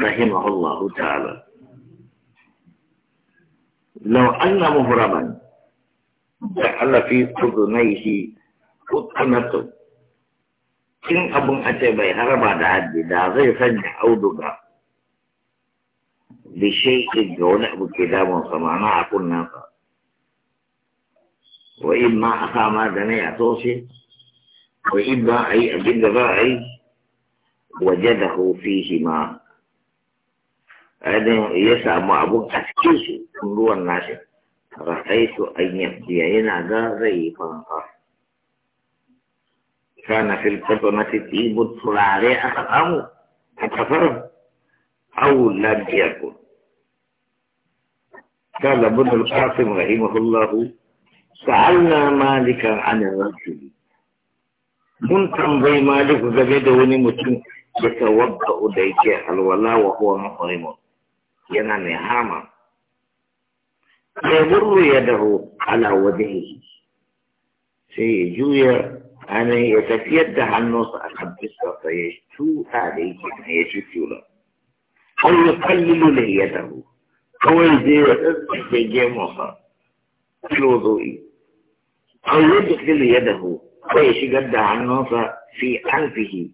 رحمه الله تعالى لو أن مهرما جعل في أذنيه قطنة إن أبو أتبي هرب عدد دا غير سنح أو دقا بشيء جون أبو كدام وصمعنا أقول ناقا وإما أخا ما دني أتوسي وإما أي أجد رأي وجده فيهما أدن يسا ما أبو أسكيس كنرو الناس رأيت أن يبديين أدا ريفا كان في القطنة تيب عليه أخام أكفر أو لا يكن قال ابن القاسم رحمه الله سألنا مالك عن الرجل من تنظي مالك زبيد ونمتن يتوضأ ديكي الولا وهو محرم yana هاما يمر يده على وجهه سيجوية أنا يتفيد النص أخذ بسرعة فيشتو عليه أن يشتو له أو يقلل له يده أو يزيد يجي مصر في وضوئي أو يدخل يده ويشقد النص في أنفه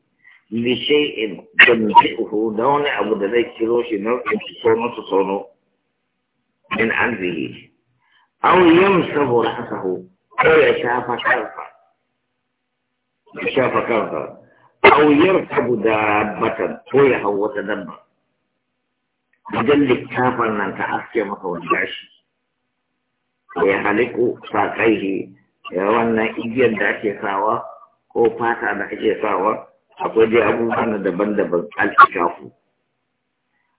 lishe'in don zai'uhu da wani abu da zai kiro shi nau'in su tsono su tsono in an zai yi au yam saboda haka ho, ko ya shafa karfa ya shafa karfa au yam sabu da batan ko ya hau wata dabba idan littafan nan ta aske maka wani gashi ya haliku sa kai ya wannan igiyar da ake sawa ko fata da ake sawa akwai dai abubuwa na daban-daban al-ikafu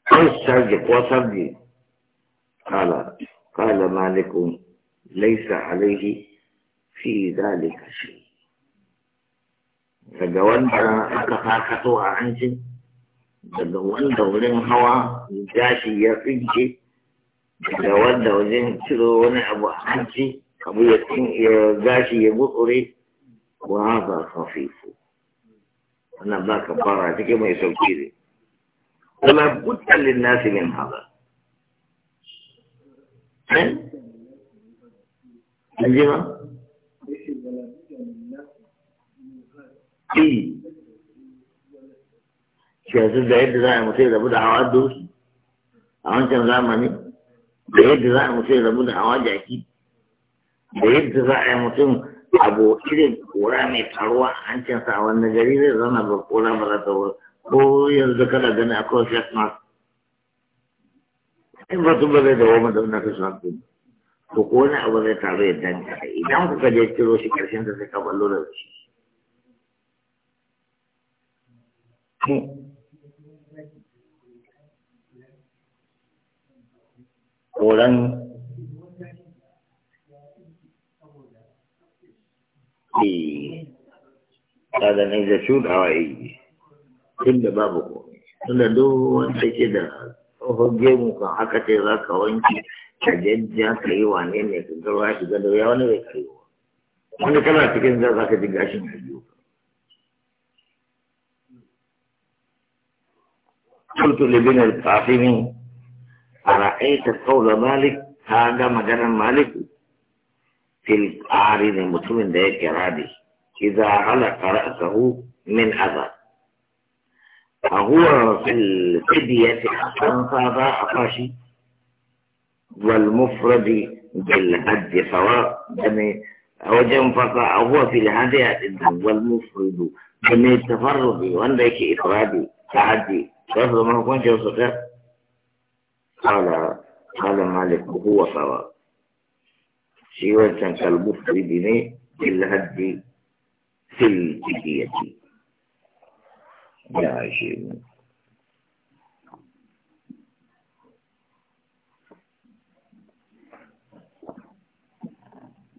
ko sarge ko sarge kala kala malikun laisa alaihi fi zalika shi daga wanda aka fakato a hancin daga wanda wurin hawa ya gashi ya tsinke daga wanda wajen ciro wani abu a hanci abu ya gashi ya mutsure wa haka fafifu wannan za ka fara cikin mai sauki ne wala budda lin nasi min hada eh ji ma eh yanzu da yadda za a mutu rabu da hawa doki a wancan zamani da yadda za a mutu rabu da hawa jaki da yadda za a mutum abu irin kora mai taruwa a hancinsa a wannan gari zai zana ba kora ba za ta wuri ko yanzu kana gani akwai face mask in ba su ba zai dawo mata na kashe to ko wani abu zai taru ya danta idan kuka je kiro shi karshen da sai ka ballo da shi koran هذا إذا شو دعوائي tun da babu komai tun da duk wanda ke da hujje mu kan haka ce za ka wanke ka jajja ka yi wane ne ka garwa shi ga dauya wani bai kai wa wani kana cikin za ka ji gashin ka biyu قلت لابن القاسم أرأيت قول مالك هذا مجرى مالك في ne mutumin da ya kira da idza halaka ra'sahu فهو في الفدية حسن هذا أقاشي والمفرد بالهد سواء يعني جم فقط هو في الهدية والمفرد من التفرد وان ذلك إفرادي تعدي كيف ما كنت قال قال مالك هو صواب shi wancan kalmufridi ne fil haddi fil jidiyati ya shi ne